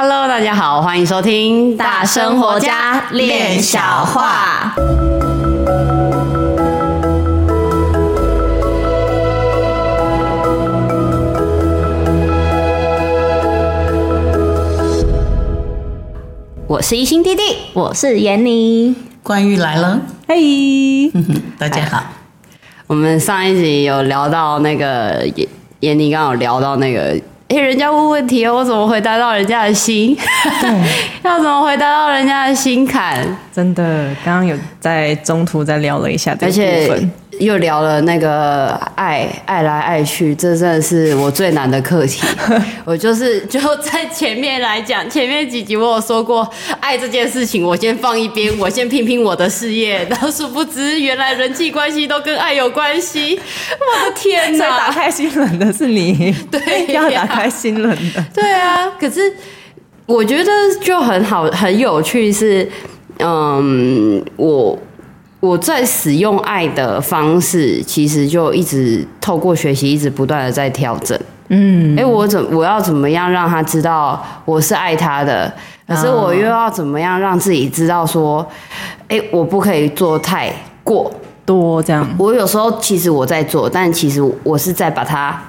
Hello，大家好，歡迎收聽大生活家，生活家練小話。我是一星弟弟，我是嚴妮。關玉來了，嘿、hey， 大家好。我們上一集有聊到那個嚴妮剛，剛有聊到那個。哎，人家問問題哦，我怎麼回答到人家的心？ 要怎麼回答到人家的心坎？嗯，真的，剛剛有在中途再聊了一下這部分。又聊了那個愛愛來愛去，這真的是我最難的課題。 我就是就在前面來講，前面幾集我有說過，愛這件事情，我先放一邊，我先拼拼我的事業。然後，殊不知原來人際關係都跟愛有關係。我的天哪！打開心門的是你。對啊，要打開心門的。對啊，可是我覺得就很好很有趣是，是嗯我。我在使用愛的方式，其實就一直透過學習，一直不斷的在調整。嗯，哎、欸，我怎我要怎麼樣讓他知道我是愛他的？可是我又要怎麼樣讓自己知道說，哎、欸，我不可以做太過多這樣。我有時候其實我在做，但其實我是在把他，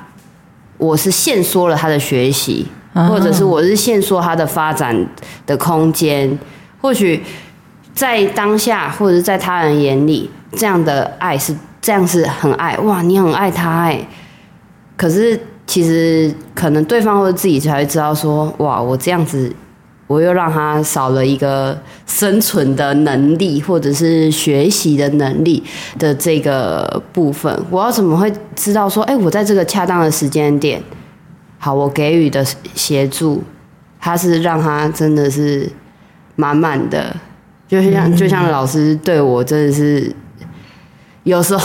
我是限縮了他的學習，或者是我是限縮他的發展的空間，或許。在當下或者是在他人眼裡，這樣的愛是這樣是很愛哇，你很愛他哎。可是其實可能對方或者自己才會知道說哇，我這樣子，我又讓他少了一個生存的能力或者是學習的能力的這個部分。我要怎麼會知道說哎、欸，我在這個恰當的時間點，好，我給予的協助，他是讓他真的是滿滿的。就像就像老師對我真的是，有時候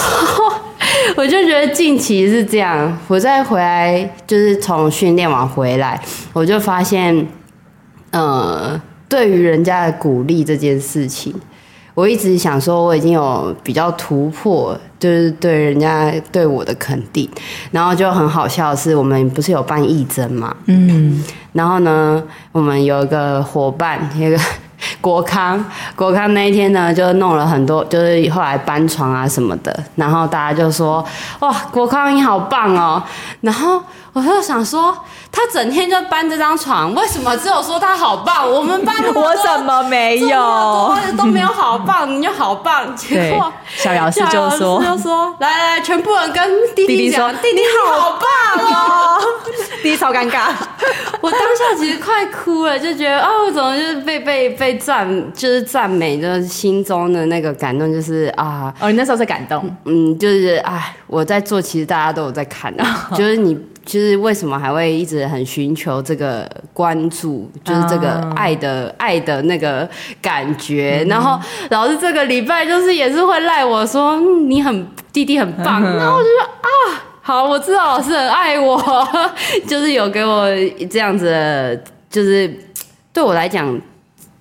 我就覺得近期是這樣。我再回來就是從訓練完回來，我就發現，呃，對於人家的鼓勵這件事情，我一直想說，我已經有比較突破，就是對人家對我的肯定。然後就很好笑的是，我們不是有辦義診嘛？嗯，然後呢，我們有一個夥伴有一個。國康，國康那一天呢，就弄了很多，就是後來搬床啊什麼的，然後大家就說：“哇，國康你好棒哦！”然後我就想說。他整天就搬這張床，為什麼只有說他好棒？我們搬的， 我怎麼沒有都沒有好棒？你就好棒。結果小老師就說：“小老師就說 來，來來，全部人跟弟弟，弟弟說，弟弟好棒哦。”弟弟超尷尬， 我當下其實快哭了，就覺得啊，我怎麼就是被被被讚，就是讚美，就是心中的那個感動，就是啊。哦，你那時候在感動？嗯，嗯就是哎，我在做，其實大家都有在看啊， 就是你，就是為什麼還會一直。很尋求這個關注，就是這個愛的、oh. 愛的那個感覺。然後老師這個禮拜就是也是會賴我說、嗯、你很弟弟很棒，oh. 然後我就說啊，好，我知道老師很愛我，就是有給我這樣子，就是對我來講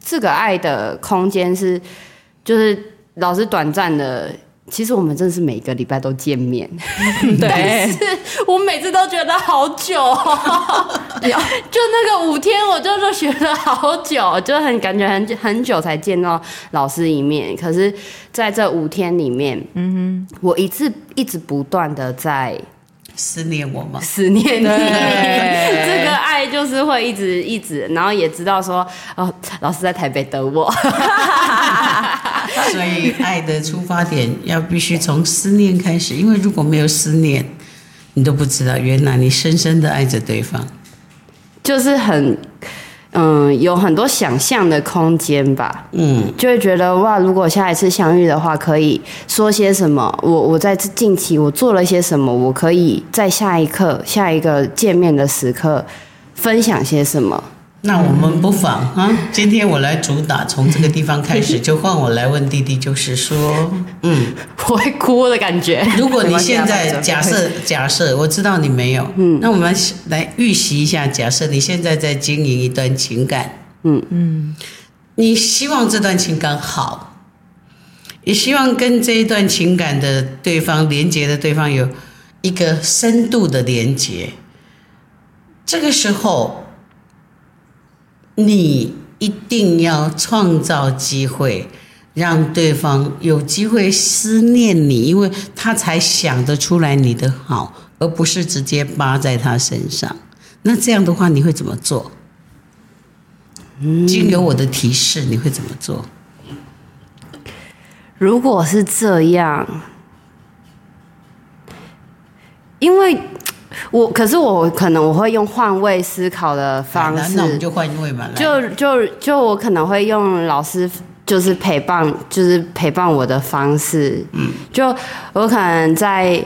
這個愛的空間是就是老師短暫的。其實我們真的是每個禮拜都見面，對，但是我每次都覺得好久哦， 就那個五天，我就都學了好久，就很感覺很久很久才見到老師一面。可是，在這五天裡面，嗯哼，我一直一直不斷的在思念我嗎？思念你，這個愛就是會一直一直，然後也知道說，哦，老師在台北等我。 所以，愛的出發點要必須從思念開始，因為如果沒有思念，你都不知道原來你深深的愛着對方，就是很，嗯，有很多想象的空間吧。嗯，就會覺得哇，如果下一次相遇的話，可以說些什麼我？我我在近期我做了些什麼？我可以在下一刻、下一個見面的時刻分享些什麼？那我們不妨、嗯、啊，今天我來主打，從這個地方開始 就換我來問弟弟，就是說，嗯，我會哭的感覺。如果你現在假設假設，假設我知道你沒有，嗯，那我們來預習一下。假設你現在在經營一段情感，嗯嗯，你希望這段情感好，也希望跟這一段情感的對方連接的對方有，一個深度的連接，這個時候。你一定要創造機會，讓對方有機會思念你，因為他才想得出來你的好，而不是直接扒在他身上。那這樣的話，你會怎麼做？經由我的提示，你會怎麼做？嗯，如果是這樣，因為。我可是，我可能我會用換位思考的方式，就換位就就我可能會用老師就是陪伴，就是陪伴我的方式，嗯，就我可能在，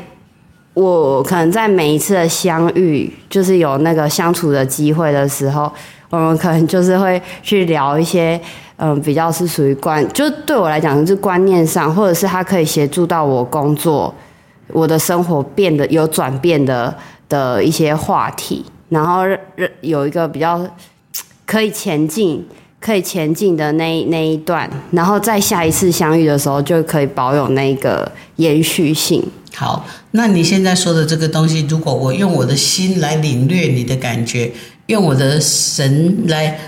我可能在每一次的相遇，就是有那個相處的機會的時候，我們可能就是會去聊一些，嗯，比較是屬於觀，就對我來講是觀念上，或者是他可以協助到我工作，我的生活變得有轉變的。的一些話題，然後有一個比較可以前進、可以前進的那那一段，然後在下一次相遇的時候，就可以保有那個延續性。好，那你現在說的這個東西，如果我用我的心來領略你的感覺，用我的神來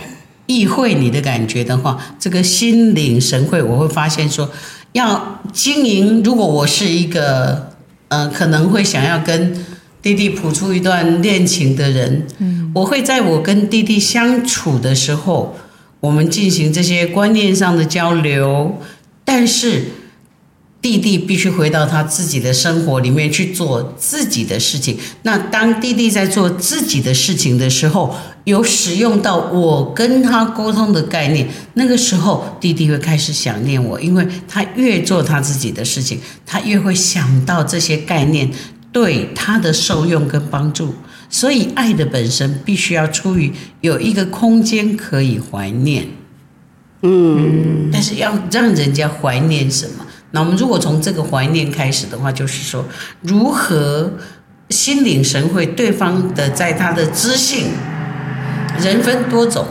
意會你的感覺的話，這個心領神會，我會發現說，要經營，如果我是一個，呃，可能會想要跟。弟弟譜出一段戀情的人，我會在我跟弟弟相處的時候，我們進行這些觀念上的交流。但是，弟弟必須回到他自己的生活裡面去做自己的事情。那當弟弟在做自己的事情的時候，有使用到我跟他溝通的概念，那個時候弟弟會開始想念我，因為他越做他自己的事情，他越會想到這些概念。對他的受用跟幫助，所以愛的本身必須要出於有一個空間可以懷念，嗯，嗯，但是要讓人家懷念什麼？那我們如果從這個懷念開始的話，就是說如何心領神會對方的，在他的知性。人分多種，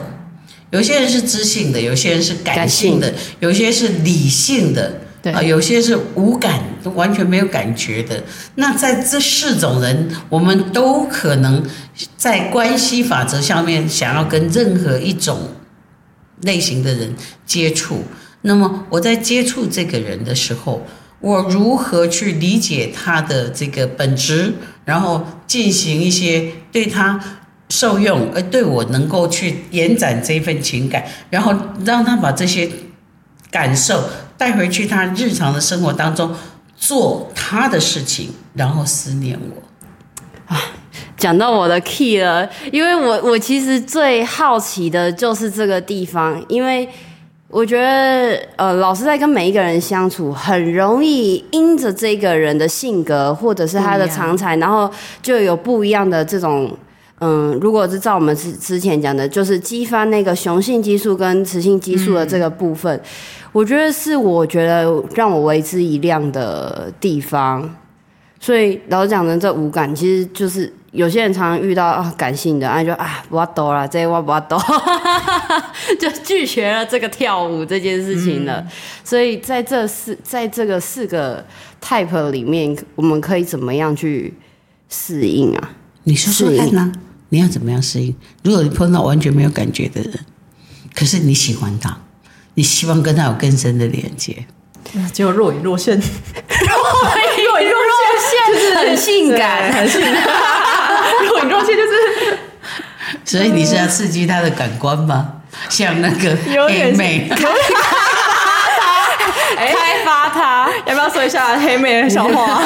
有些人是知性的，有些人是感性的，性有些是理性的。啊，有些是無感，完全沒有感覺的。那在這四種人，我們都可能在關係法則下面想要跟任何一種類型的人接觸。那麼我在接觸這個人的時候，我如何去理解他的這個本質，然後進行一些對他受用，而對我能夠去延展這份情感，然後讓他把這些感受。帶回去，他日常的生活當中做他的事情，然後思念我。講到我的 key 了，因為我我其實最好奇的就是這個地方，因為我覺得呃，老師在跟每一個人相處，很容易因着這個人的性格或者是他的長才、嗯，然後就有不一樣的這種嗯，如果是照我們之之前講的，就是激發那個雄性激素跟雌性激素的這個部分。嗯我覺得是，我覺得讓我為之一亮的地方。所以老師講的這無感，其實就是有些人常常遇到啊感性的、啊，然就啊不要抖了，這一萬不要抖， 就拒絕了這個跳舞這件事情了。所以在這四，在這個四個 type 裡面，我們可以怎麼樣去適應啊？你說適、啊、應呢？你要怎麼樣適應？如果你碰到完全沒有感覺的人，可是你喜歡他。你希望跟他有更深的連接，就若隱若現， 若隱若現，就是很性感，很性感，若隱若現就是。所以你是要刺激他的感官嗎？ 像那個黑妹，開發他，開發他，要不要說一下黑妹的笑話？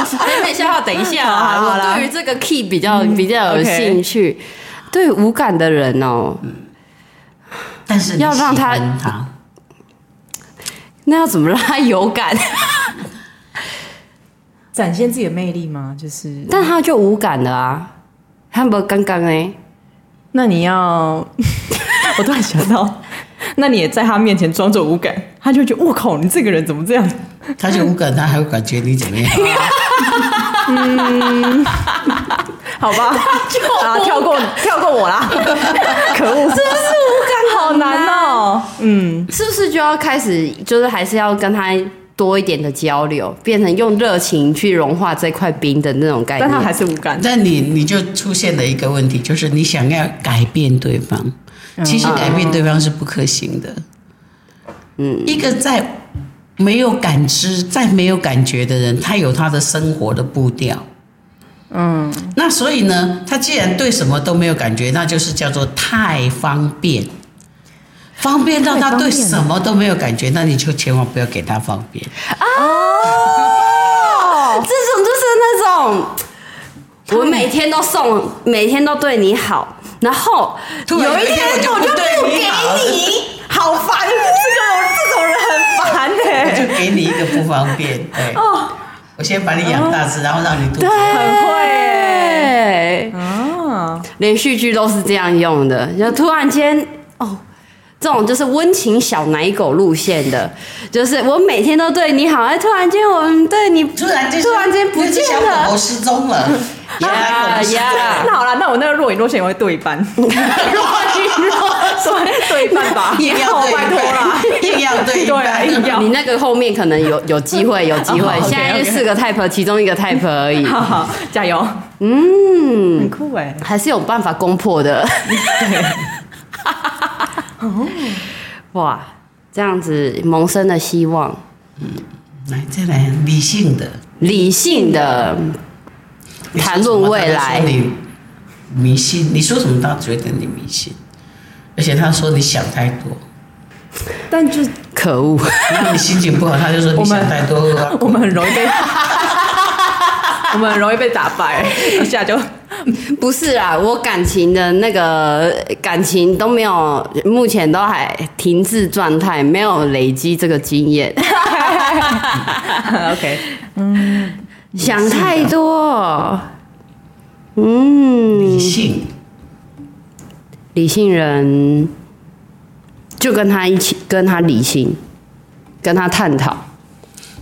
黑妹笑話，等一下啊，我對於這個 key 比較、嗯、比較有興趣。Okay、對無感的人哦、嗯，但是要讓他。那要怎麼讓他有感？展現自己的魅力嗎？就是，但他就無感了啊，他不剛剛哎，那你要， 我突然想到，那你也在他面前裝作無感，他就覺得我靠，你這個人怎麼這樣？他就無感，他還會感覺你怎麼樣、啊？ 嗯，好吧，他就啊，跳過跳過我啦，可惡，是不是無感難、啊、好難呢、啊？哦、嗯，是不是就要開始？就是還是要跟他多一點的交流，變成用熱情去融化這塊冰的那種概念？但他還是無感。但、嗯、你你就出現了一個問題，就是你想要改變對方，其實改變對方是不可行的。嗯，嗯，一個在沒有感知、在沒有感覺的人，他有他的生活的步調。嗯，那所以呢，他既然對什麼都沒有感覺，那就是叫做太方便。方便到他對什麼都沒有感覺，那你就千萬不要給他方便哦。 這種就是那種我每天都送，每天都對你好，然後突然有一天我就不給你，好煩！ 這種這種人很煩哎。我就給你一個不方便，對哦，我先把你養大隻然後讓你肚子餓很會。嗯，連續劇都是這樣用的，然後突然間哦。這種就是溫情小奶狗路線的，就是我每天都對你好，哎，突然間我對你突然間突然間不見了，我失蹤了，呀 呀、yeah,，yeah, yeah, 那好了，那我那個若隱若現也會對一半， 若隱若現對對一半吧，硬要拜托啦，一樣對半，要對一樣。 你那個後面可能有有機會，有機會、oh, okay, okay, okay.，現在是四個 type 其中一個 type 而已。 好好加油，嗯，很酷哎、欸，還是有辦法攻破的。對 哦，哇，這樣子萌生的希望，嗯，來再來理性的，理性的談論未來。迷信？你說什麼？他覺得你迷信，而且他說你想太多，但就可惡。如果你心情不好， 他就說你想太多。我們，我們很容易被， 我們很容易被打敗，一下就。不是啦，我感情的那個感情都沒有，目前都還停滯狀態，沒有累積這個經驗。 OK，嗯，想太多，嗯，理性，理性人就跟他一起跟他理性，跟他探討，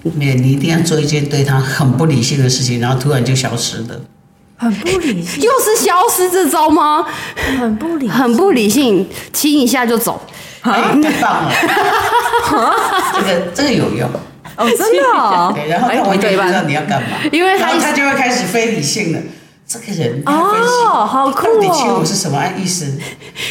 你一定要做一件對他很不理性的事情，然後突然就消失了。很不理性， 又是消失這招嗎？很不理，很不理性，親一下就走，啊、太棒了。 這個這個有用，哦，真的啊、哦。然後那我也不知道你要幹嘛，因為他他就，因為他，他就會開始非理性了。這個人哦，好酷哦，到底親我是什麼意思？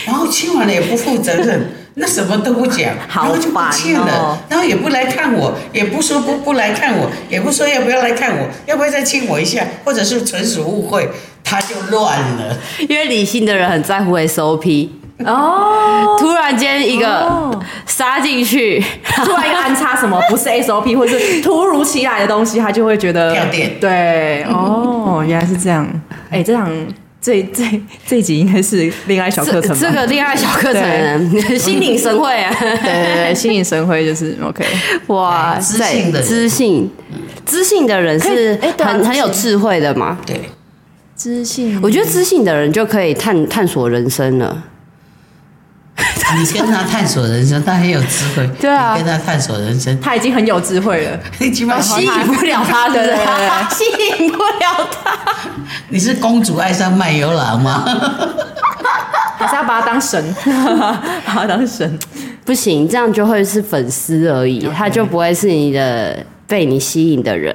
然後親完了也不負責任。 那什麼都不講，好，然後就不親了，哦，然後也不來看我，也不說不不來看我，也不說要不要來看我，要不要再親我一下，或者是純屬誤會，他就亂了。因為理性的人很在乎 SOP 哦，突然間一個殺進去，哦、突然一個安插什麼，不是 SOP， 或者是突如其來的東西，他就會覺得跳電，對哦， 原來是這樣，哎、欸，這樣。這這這一集應該是戀愛小課程吧？這、這個戀愛小課程、啊， 心領神會、啊。對，對對，心領神會就是 OK。哇，知性的知性，知性的人是很很有智慧的嘛？欸、對，知性。我覺得知性的人就可以探探索人生了。你跟他探索人生，他很有智慧。對啊，你跟他探索人生，他已經很有智慧了。你基本上吸引不了他，對不對，對，對？吸引不了他。你是公主愛上賣油郎嗎？你 還是要把他當神， 把他當神，不行，這樣就會是粉絲而已，okay. 他就不會是你的被你吸引的人。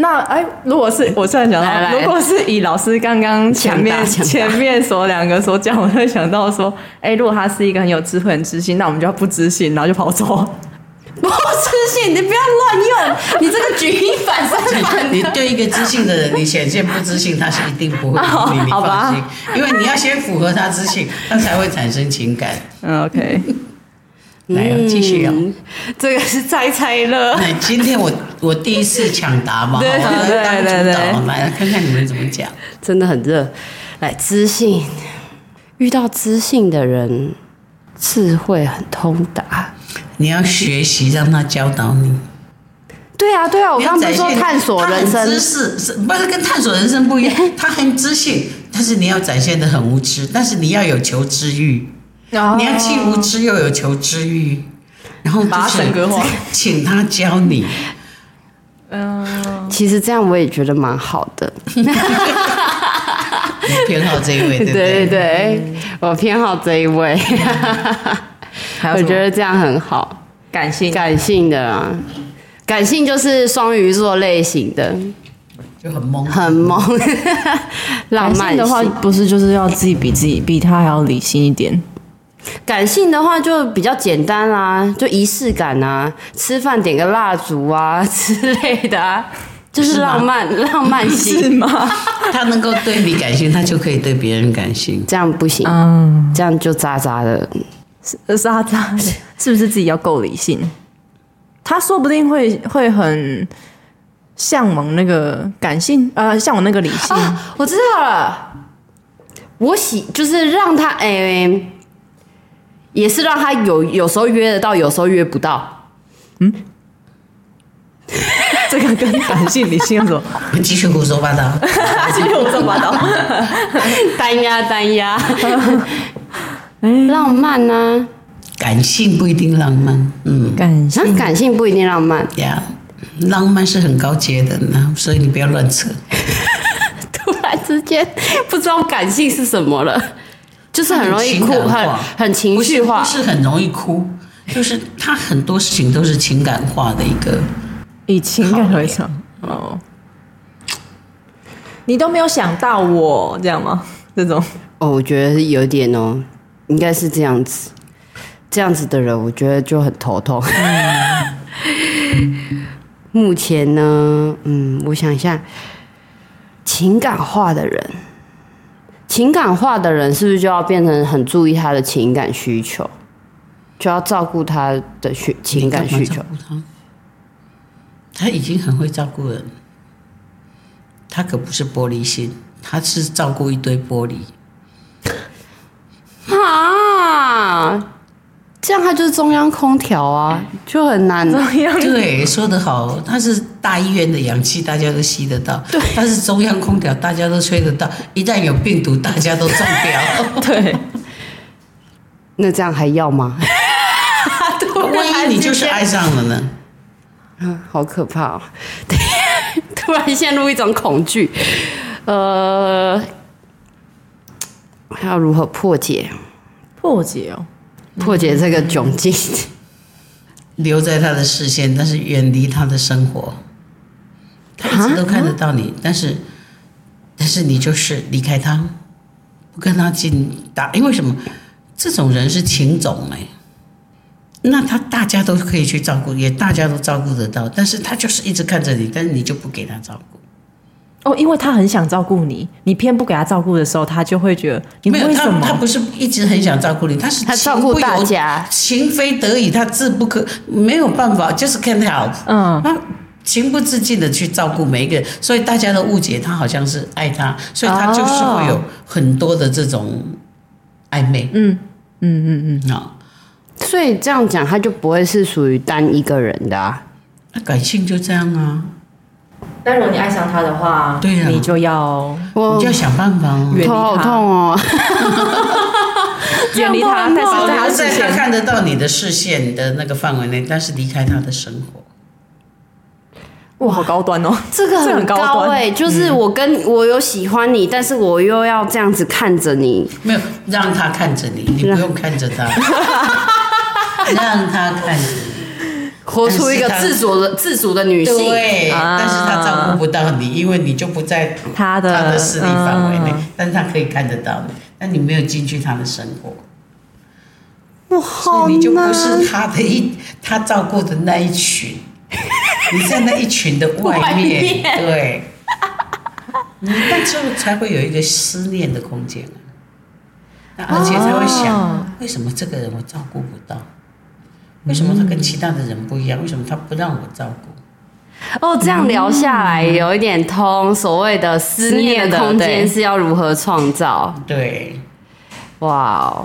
那哎、欸，如果是、欸、我突然想到來來，如果是以老師剛剛前面前面所兩個所講，我會想到說，哎、欸，如果他是一個很有智慧、很知性，那我們就要不知性，然後就跑走。不知性，你不要亂用， 你這個舉一反三。 你對一個知性的人，你顯現不知性，他是一定不會 你好你，好吧 因為你要先符合他知性，他才會產生情感。嗯，OK。 來、啊，繼續啊、哦嗯！這個是猜猜樂。今天我我第一次搶答嘛， 對對對，對，來看看你們怎麼講，真的很熱。來，知性，遇到知性的人，智慧很通達，你要學習讓他教導你。對啊，對啊，我剛才說探索人生，知識是不是跟探索人生不一樣？他很知性，但是你要展現的很無知，但是你要有求知欲。Oh. 年輕無知又有求知慾，然後把水給我，請他教你。嗯、uh...，其實這樣我也覺得蠻好的 我好對對。我偏好這一位，對對對，我偏好這一位。我覺得這樣很好，感性感性的、啊，感性就是雙魚座類型的，就很懵，很懵。 浪漫的話，不是就是要自己比自己比他還要理性一點。感性的話就比較簡單啊，就儀式感啊，吃飯點個蠟燭啊之類的，啊，就是浪漫，是浪漫性是嗎？他能夠對你感性， 他就可以對別人感性。這樣不行，嗯，這樣就渣渣的，渣渣的。是不是自己要夠理性？他說不定會會很向往那個感性啊，呃，向往那個理性。啊，我知道了，我喜就是讓他，欸也是讓他有有時候約得到，有時候約不到。嗯， 這個跟感性、理性有什麼？你繼續胡說八道，繼續胡說八道，單壓單壓浪漫呢？啊？感性不一定浪漫，嗯，感性感性不一定浪漫呀。Yeah. 浪漫是很高階的呢，所以你不要亂扯。 突然之間不知道感性是什麼了。就是很容易哭，很很情緒化。是，是很容易哭，就是他很多事情都是情感化的一個，以情感為主哦。你都沒有想到我這樣嗎？這種哦，我覺得有點哦，應該是這樣子，這樣子的人我覺得就很頭痛。嗯、 目前呢，嗯，我想一下，情感化的人。情感化的人是不是就要變成很注意他的情感需求，就要照顧他的需情感需求他？他已經很會照顧人，他可不是玻璃心，他是照顧一堆玻璃。啊，這樣他就是中央空調啊，就很難。對，說得好，他是。大醫院的氧氣大家都吸得到，對，但是中央空調大家都吹得到。一旦有病毒，大家都中標。對，那這樣還要嗎？ 萬一你就是愛上了呢？啊、好可怕，哦！ 突然陷入一種恐懼，呃，要如何破解？破解哦，破解這個窘境，嗯， 留在他的視線，但是遠離他的生活。他一直都看得到你但是，但是你就是離開他，不跟他進打，因為什麼？這種人是情種哎、欸，那他大家都可以去照顧，也大家都照顧得到，但是他就是一直看着你，但是你就不給他照顧。哦，因為他很想照顧你，你偏不給他照顧的時候，他就會覺得你為什麼？沒有，他，他不是一直很想照顧你，他是不他照顧大家情非得已，他自不可沒有辦法，就是 can't help。嗯。啊情不自禁的去照顧每一個人，所以大家都誤解，他好像是愛他，所以他就是會有很多的這種曖昧。嗯嗯嗯嗯，啊、嗯嗯，所以這樣講，他就不會是屬於單一個人的啊。那、啊、感性就這樣啊。那如果你愛上他的話，對呀、啊，你就要，你就要想辦法遠離他。好痛哦。遠離他， 他但是在他在他看得到你的視線的那個範圍內，但是離開他的生活。哇，好高端哦！這個很高端哎、嗯，就是我跟我有喜歡你，嗯、但是我又要這樣子看着你，沒有讓他看着你，你不用看着他， 讓他看着你，活出一個自主的自主的女性。對，啊、但是他照顧不到你，因為你就不在他的他的勢力範圍內，但是他可以看得到你，但你沒有進去他的生活，哇，好，所以你就不是他的一，他照顧的那一群。你在那一群的外面，外面對，你那時候才會有一個思念的空間而且才會想，哦，為什麼這個人我照顧不到？為什麼他跟其他的人不一樣？為什麼他不讓我照顧？哦，這樣聊下來有一點通，嗯，所謂的思念的，思念的空間是要如何創造？對，哇，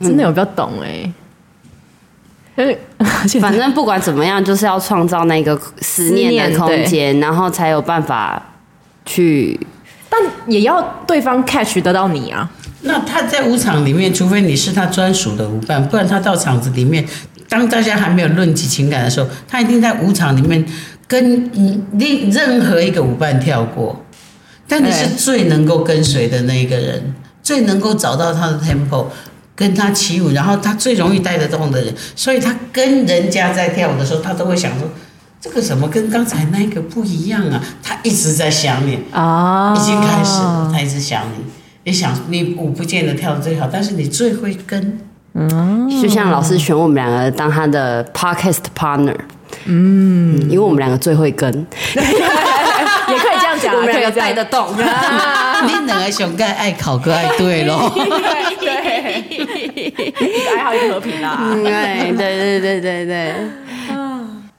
真的有比較懂哎。嗯反正不管怎麼樣，就是要創造那個思念的空間，然後才有辦法去。但也要對方 catch 得到你啊。那他在舞場裡面，除非你是他專屬的舞伴，不然他到場子裡面，當大家還沒有論起情感的時候，他一定在舞場裡面跟另任何一個舞伴跳過。但你是最能夠跟隨的那一個人，最能夠找到他的 tempo。跟他起舞，然後他最容易帶得動的人，所以他跟人家在跳舞的時候，他都會想說，這個什麼跟剛才那個不一樣啊？他一直在想你，哦，已經開始他一直想你，也想你舞不見得跳得最好，但是你最會跟，嗯、oh.，就像老師選我們兩個當他的 Podcast partner，嗯、mm.，因為我們兩個最會跟， 也可以這樣講、啊， 我們兩個帶得動， 你兩個想蓋愛考個愛對嘍。 還好有和平啦、啊。 對對對對對對。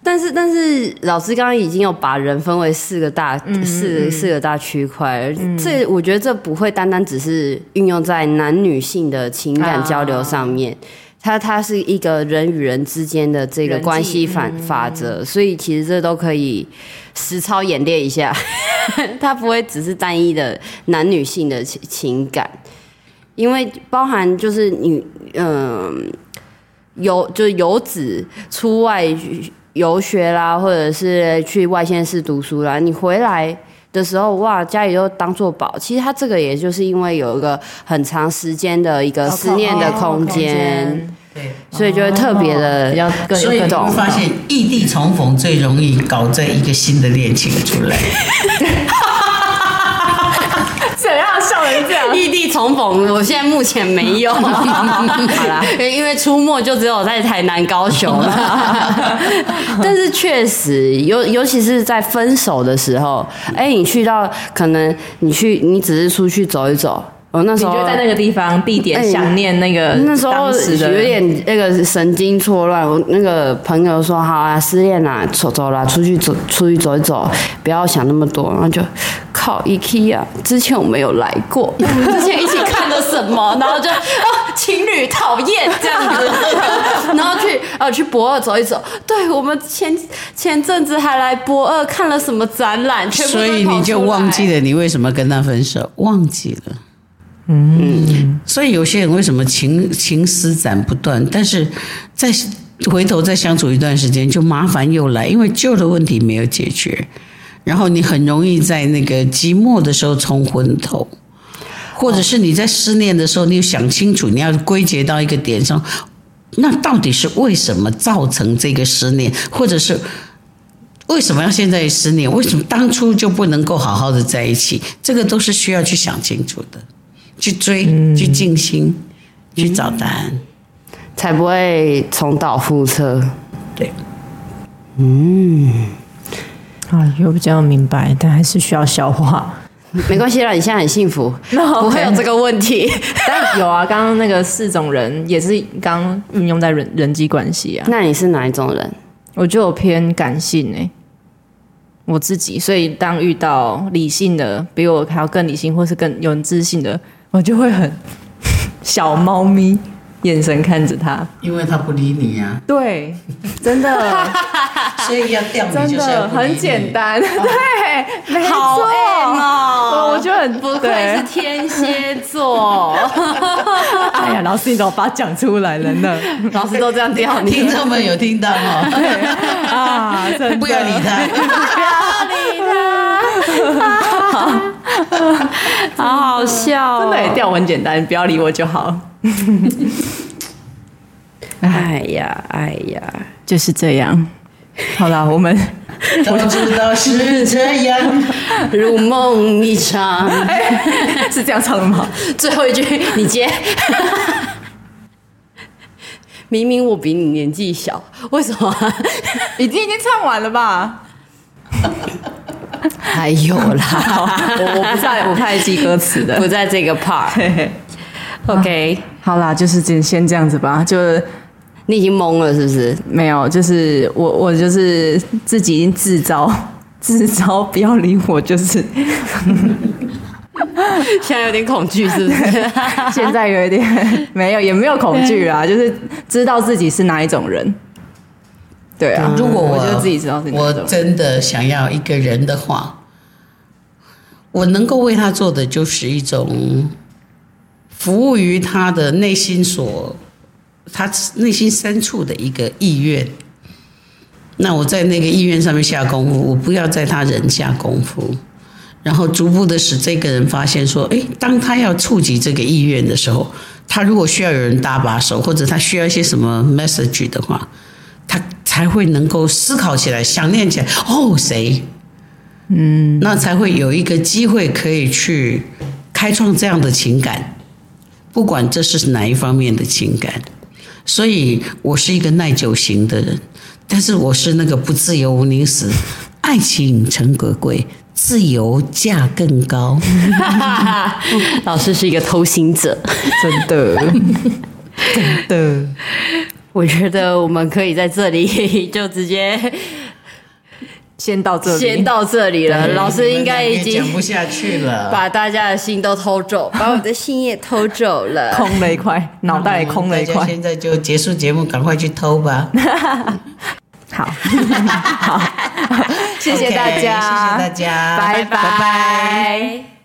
但是但是，老師剛剛已經有把人分為四個大四個嗯嗯四個大區塊，這、嗯嗯、我覺得這不會單單只是運用在男女性的情感交流上面，哦、它它是一個人與人之間的這個關係、嗯、法法則，所以其實這都可以實操演練一下， 它不會只是單一的男女性的情情感。因為包含就是你，嗯、呃，遊就是遊子出外遊學啦，或者是去外縣市讀書啦，你回來的時候，哇，家裡都當做寶。其實他這個也就是因為有一個很長時間的一個思念的空間，對、哦哦哦，所以就會特別的要各，各種，種。所以你會發現，異地重逢最容易搞在一個新的戀情出來。 異地重逢，我現在目前沒有。 好啦，因為出沒就只有在台南、高雄了。 但是確實，尤尤其是在分手的時候，哎、欸，你去到可能你去，你只是出去走一走。哦，那時候你覺得在那個地方，地點想念那個當時的、嗯、那時候有點那個神經錯亂。我那個朋友說：“好啊，失戀啦、啊，走走啦，出去走出去走一走，不要想那麼多。”然後就靠 IKEA。之前我沒有來過，我們之前一起看了什麼？然後就啊，情侶討厭這樣子。然後去啊，去駁二走一走。對我們前前陣子還來駁二看了什麼展覽？所以你就忘記了你為什麼跟他分手？忘記了。嗯，所以有些人為什麼情情絲斬不斷？但是，再回頭再相處一段時間，就麻煩又來，因為舊的問題沒有解決，然後你很容易在那個寂寞的時候衝昏頭，或者是你在思念的時候，你要想清楚，你要歸結到一個點上，那到底是為什麼造成這個思念，或者是為什麼要現在思念？為什麼當初就不能夠好好的在一起？這個都是需要去想清楚的。去追，嗯、去進行、嗯，去找答案，才不會重蹈覆轍。對，嗯，啊，又比較明白，但還是需要消化。沒關係啦，你現在很幸福，不 會有這個問題。 但有啊，剛剛那個四種人也是剛運用在人、嗯、人際關係啊。那你是哪一種人？我就偏感性哎、欸，我自己。所以當遇到理性的，比我還要更理性，或是更有人自信的。我就會很小貓咪。眼神看着他，因為他不理你呀、啊。對，真的， 所以要釣你，真的、就是、很簡單。啊、對，沒錯，好 m 哦、喔，我覺得很不愧是天蠍座。 哎呀，老師你怎麼把它講出來了呢， 老師都這樣釣你， 聽眾們有聽到嗎？ 對 啊，真的不， 不要理他，不要理他，好好笑，真的釣、啊喔、很簡單，不要理我就好。哎 呀，哎呀，就是這樣。好啦，我們我知道是這樣， 如夢一場，欸。是這樣唱的嗎？ 最後一句你接。 明明我比你年紀小，為什麼、啊？已經已經唱完了吧？ 還有啦，我我不在，我不太記歌詞的， 不在這個 part。 OK，、啊、好啦，就是先先這樣子吧。就你已經懵了，是不是？沒有，就是我，我就是自己已經自招，自招，不要理我。就是 現在有點恐懼，是不是？現在有一點沒有，也沒有恐懼啦，就是知道自己是哪一種人。對啊，嗯、如果我 就是自己知道，自己是哪一種人，我真的想要一個人的話，我能夠為他做的就是一種。服務於他的內心所，他內心深處的一個意願。那我在那個意願上面下功夫，我不要在他人下功夫，然後逐步的使這個人發現說，誒，當他要觸及這個意願的時候，他如果需要有人搭把手，或者他需要一些什麼 message 的話，他才會能夠思考起來、想念起來。哦，誰？嗯，那才會有一個機會可以去開創這樣的情感。不管這是哪一方面的情感，所以我是一個耐久型的人，但是我是那個不自由無寧死，愛情誠可貴，自由價更高 。老師是一個偷心者，真的， 真的，真的，我覺得我們可以在這裡就直接。先到這裡，先到這裡了。老師應該已經講不下去了，把大家的心都偷走， 把我的心也偷走了，空了一塊，腦袋也空了一塊。現在就結束節目，趕快去偷吧。 好， 好， 好 謝謝大家，okay, 謝謝大家，拜拜。拜拜。